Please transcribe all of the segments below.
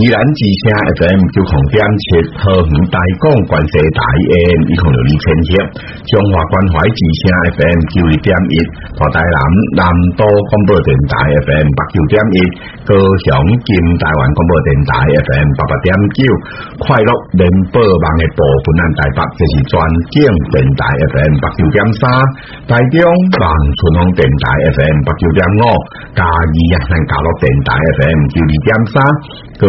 二林之聲 F.M. 九十點七，鶴五大江國際 AM，一共六二千七。中華關懷之聲 F.M. 九二點一，和台南南都廣播電台 F.M. 八九點一，高雄金大運廣播電台 F.M. 八八點九，快樂聯播網嘅部分人台北，即是全景電台 F.M. 八九點三，大中南存康電台 F.M. 八九點五，嘉義人嘉樂電台 F.M. 九二點三，個。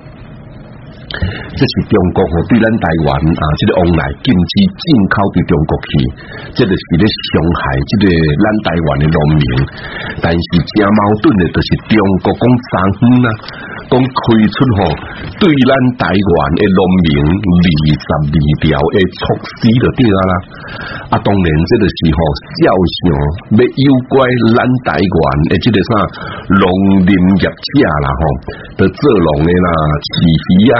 這是中國對咱台灣啊，即係往嚟禁止進口俾中國去，即、這、係、個、是咧傷害即係咱台灣嘅農民。但是正矛盾的就是中國講爭啊，講推出去對咱台灣嘅農民二十二條的措施度點啊啦。阿、啊、當然，即係時候要想要怪咱台灣，的即係啥農林業者啦，嗬，都做農的啦，起皮啊！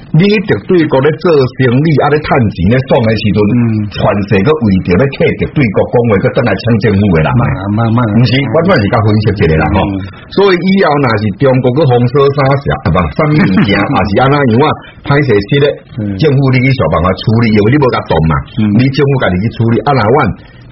你一直對國咧做生意，阿咧趁錢咧，送嘅時陣，傳、嗯、世個位置咧，特別對國講話，佮等來搶政府嘅啦。慢慢慢慢，唔是，我我是講分析起個啦吼、嗯。所以以後，那是中國個紅燒沙茶，係嘛，生意行，還是安那樣啊？歹勢，失嘞、 這個嗯，政府你去想辦法處理，因為你冇得動嘛、嗯。你政府家己去處理，安那萬。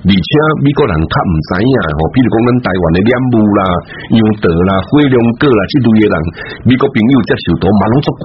而且美國人比較唔知啊，比如講咱台灣嘅蓮霧啦、楊桃啦、火龍果啦，之類嘅人，美國朋友接受度冇咁足慣，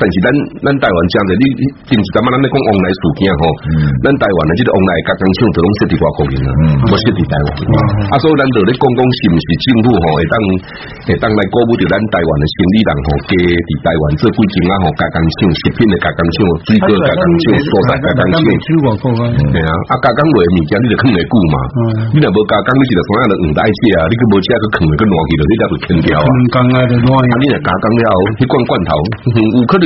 但是咱咱台灣講的，你你頂時咱們咱在講往內事件吼，咱台灣的這個往內加工廠都攏設佇外口面啊，毋是設佇台灣、嗯。啊，所以咱在咧講講是唔是政府吼，會當會當來鼓舞着咱台灣的生意人吼，加佇台灣做貴重啊，吼加工廠食品的加工廠，水果加工廠，蔬菜加工廠。Weather, it, 啊，加工豬啊，的物件你就啃來顧嘛，你若冇加工你是從哪來？唔帶去啊？你佮冇去啊？佮啃來佮去的，你得會啃掉啊。加工啊，你若加工了，一罐罐頭，有可能。